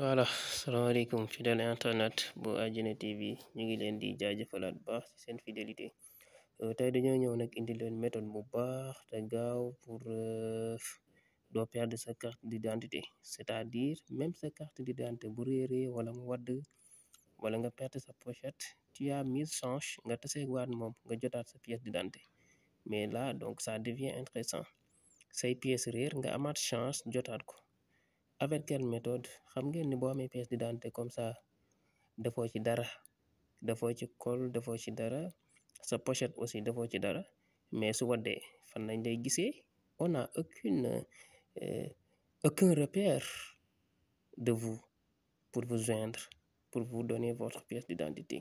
voilà salaamaaleykum fidèle internet bu Adiana TV ñu ngi leen di jaajëfalaat bu baax ci seen fidélité euh, tey dañoo ñëw nag indi leen méthode bu baax ta gaaw pour euh, doo perdre sa carte d'identité c'est-à-dire même sa carte d'identité bu réer wala mu wadd nga perte sa pochette tu yaa mille chances nga tasee waat moom nga jotaat sa pièce d'identité mais là donc ça devient intéressant say pièces réer nga amaat chance jotaat ko avec quelle méthode xam ngeen ni boo amee pièce d'identité comme ça defoo ci dara defoo ci col defoo ci dara sa pochette aussi defoo ci dara mais su waddee fan lañ lay gisee on a aucune euh, aucun repère de vous pour vous joindre pour vous donner votre pièce d'identité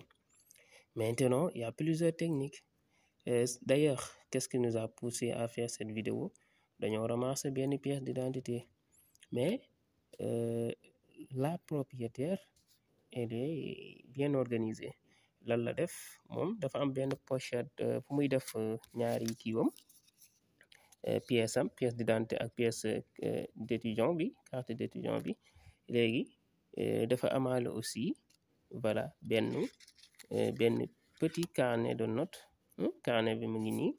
maintenant il y a plusieurs techniques d'ailleurs qu'est-ce qui nous a poussé à faire cette vidéo dañoo ramasser benn pièce d'identité mais euh, la propriétaire elle est bien organisée lan la def moom dafa am ben pochette euh, fu muy def euh, ñaari kiiwam pièce am pièce d'identité ak pièce d'étudiant bi carte d'étudiant bi léegi dafa amale aussi voilà ben ben petit carnet de notes hmm, carnet bi mu ngi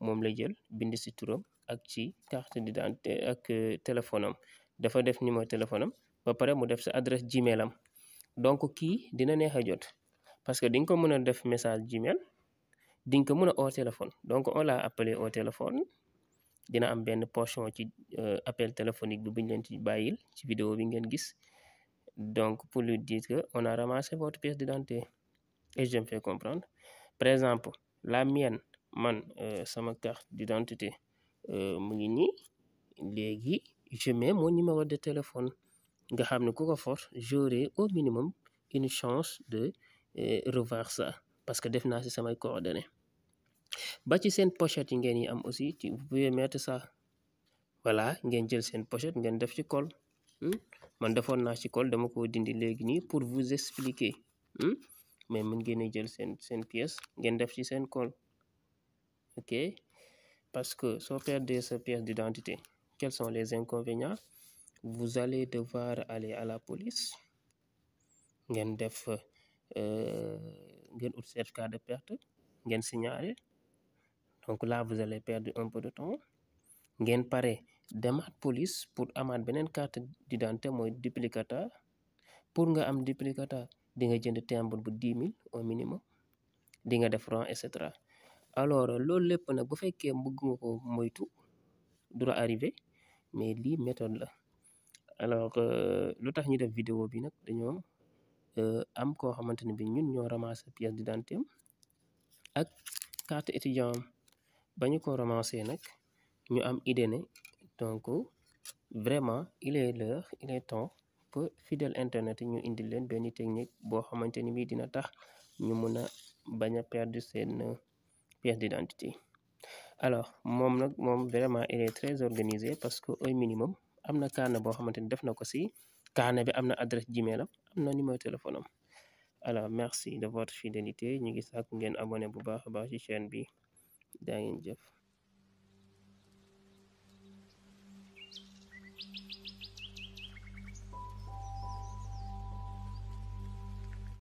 mom la jël bind si turam ak ci carte d'identité ak téléphone am dafa def numéro téléphone ba paré mu def adresse gmail am donc qui dina nexa jot parce que di ko mën def message gmail di ko mën au téléphone donc on l'a appelé au téléphone dina am ben portion ci euh, appel téléphonique bu ci bayil ci vidéo bi ngeen gis donc pour lui dire que on a ramassé votre pièce d'identité et je me fais comprendre par exemple la mienne man euh, ma carte d'identité euh, mu ngi ni légui je mets mon numéro de téléphone nga xam ne ko j'aurai au minimum une chance de euh, revoir ça parce que c'est naa si samay coordonnées ba ci seen pochette une ngeen am aussi ci vous pouvez mettre ça voilà ngeen jël une pochette ngeen def ci col hmm? man defoon naa ci col dama ko dindi léegi nii pour vous expliquer hmm? mais mën ngeen a jël seen seen pièce ngeen def ci seen col ok parce que sans perdre cette pièce d'identité quels sont les inconvénients Vous allez devoir aller à la police. Vous def faire euh, ut certificat de perte ngeen signaler donc là vous allez perdre un peu de temps ngeen à la police pour avoir une carte d'identité moy duplicata pour nga am duplicata di nga jënd timbre bu dix au minimum di nga def rang et cetera alors loolu lépp nag bu fekkee bëgg nga ko moytu dura arrivé mais lii métode la alors euh, lu tax ñu def vidéo bi nag dañoo euh, am koo xamante ne bi ñun ñoo ramassé pièce d'identité am ak carte étudiant am ko ramassé nag ñu am idée ne donc vraiment il est l'heure il est temps que internet ñu indil leen benn technique boo xamante ni bi dina tax ñu mun a bañ a perdre seen euh, pièce d'identité alors mon, nag vraiment il est très organisé parce que au minimum am na a boo xamante ni def bi adresse Gmail am am na téléphone alors merci de votre fidélité ñu ngi ngeen abonné bu baax chaîne bi